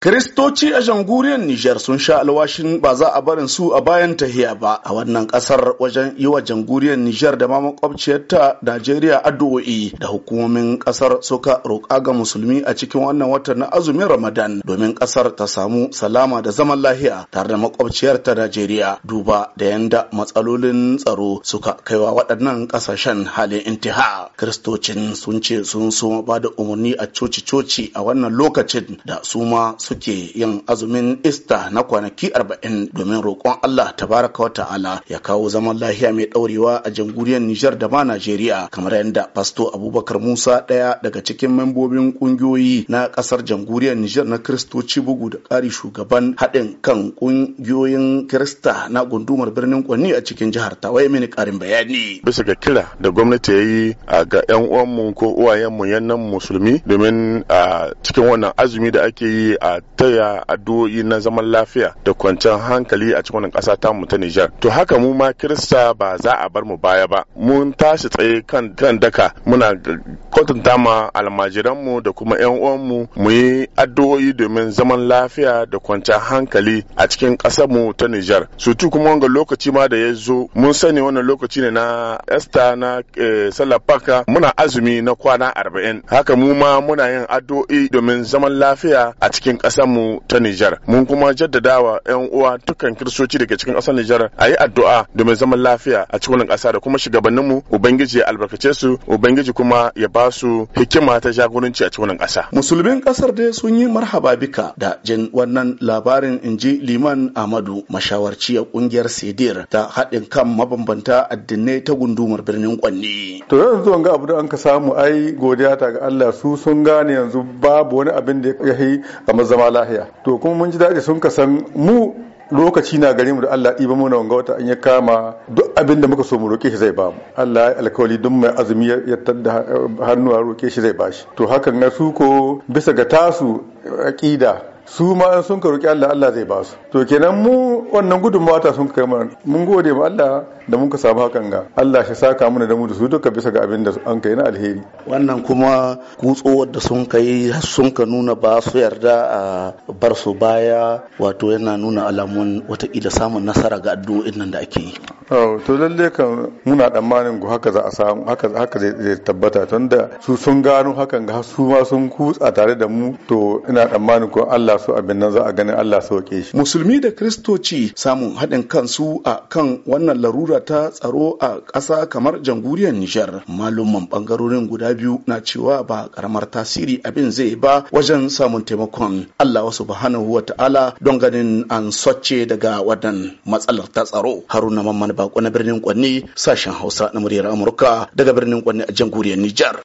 Kiristoci a janguriyar Nijar sun sha alwashin ba za a barin su a bayan tahiya ba a wannan kasar wajen yi wa janguriyar Nijar da ma makwabciyarta Najeriya addu'o'i da hukumomin kasar suka roƙa ga musulmi a cikin wannan watan na azumin Ramadan domin kasar ta samu salama da zaman lahiya tare da makwabciyarta Najeriya duba da yanda matsalolin tsaro suka kaiwa waɗannan ƙasashen halin intiha. Kiristocin sun ce sun so ba da umarni a coci-coci a wannan lokacin da su ma suke yin azumin ista na kwanaki arba'in domin roƙon Allah tabaraka wa ta'ala ya kawo zaman lahiya mai ɗaurewa a jamhuriyar Nijar da ma Najeriya kamar yadda Pasto Abubakar Musa ɗaya daga cikin membobin ƙungiyoyi na ƙasar jamhuriyar Nijar na Kiristoci bugu da ƙari shugaban haɗin kan ƙungiyoyin Kirista na gundumar birnin Kwanni a cikin jihar Tawaye mini ƙarin bayani. Bisa ga kira da gwamnati ya yi ga 'yan uwanmu ko uwayenmu nan musulmi domin a cikin wannan azumi da ake yi a taya addu'o'i na zaman lafiya da kwanciyar hankali a cikin kasa ta mu ta Nijar. To haka mu ma Kirista ba za a bar mu baya ba. Mun tashi tsaye kan kan daka muna kwatanta ma almajiran mu da kuma 'yan uwanmu mu yi addu'o'i domin zaman lafiya da kwanciyar hankali a cikin mu ta Nijar. Sutu kuma wanga lokaci ma da ya zo mun sani wannan lokaci ne na esther na eh, Salafaka muna azumi na kwana arba'in. Haka mu ma muna yin addu'o'i domin zaman lafiya a cikin ƙasa. mu ta Nijar. Mun kuma jaddadawa 'yan uwa dukkan kiristoci daga cikin ƙasar Nijar a yi addu'a domin zaman lafiya a cikin ƙasa da kuma shugabanninmu Ubangiji ya albarkace su Ubangiji kuma ya ba su hikima ta jagoranci a cikin ƙasa. Musulmin ƙasar dai sun yi marhaba bika da jin wannan labarin in ji Liman Ahmadu mashawarci a ƙungiyar Sidir ta haɗin kan mabambanta addinai ta gundumar birnin Kwanni. To yanzu wanga abu da an ka samu ai godiya ta ga Allah su sun gane yanzu babu wani abin da ya yi a zama lahiya to kuma mun ji daɗi sun ka san mu lokaci na gare mu da Allah ɗiba mu na wanga wata in ya kama duk abin da muka so mu roƙe shi zai mu Allah ya alkawali duk mai azumi ya tadda hannuwa roƙe shi zai bashi to hakan na su ko bisa ga tasu aƙida su ma an sun roƙi Allah Allah zai ba su to kenan mu wannan gudunmawa ta sun kai mana mun gode ma Allah da mun ka samu hakan ga Allah shi saka mana da mu da su duka bisa ga abin da an kai na alheri wannan kuma kutso da sun kai sun ka nuna ba su yarda a bar su baya wato yana nuna alamun ila samun nasara ga addu'o'in nan da ake yi Oh, to lalle ka muna tsammanin haka za a samu haka zai tabbata tunda su sun gano hakan ga su ma sun kutsa tare da mu to ina tsammanin ko Allah su abin nan za a ganin Allah su wake shi musulmi da kristoci samun haɗin kansu a kan wannan larura ta tsaro a ƙasa kamar jamhuriyar Nijar malumman bangarorin guda biyu na cewa ba karamar tasiri abin zai ba wajen samun taimakon Allah wasu bahanahu wa ta'ala don ganin an soce daga wannan matsalar ta tsaro haruna mamman Bako na birnin Kwanni sashen Hausa na muryar Amurka daga birnin Kwanni a jamhuriyar Nijar.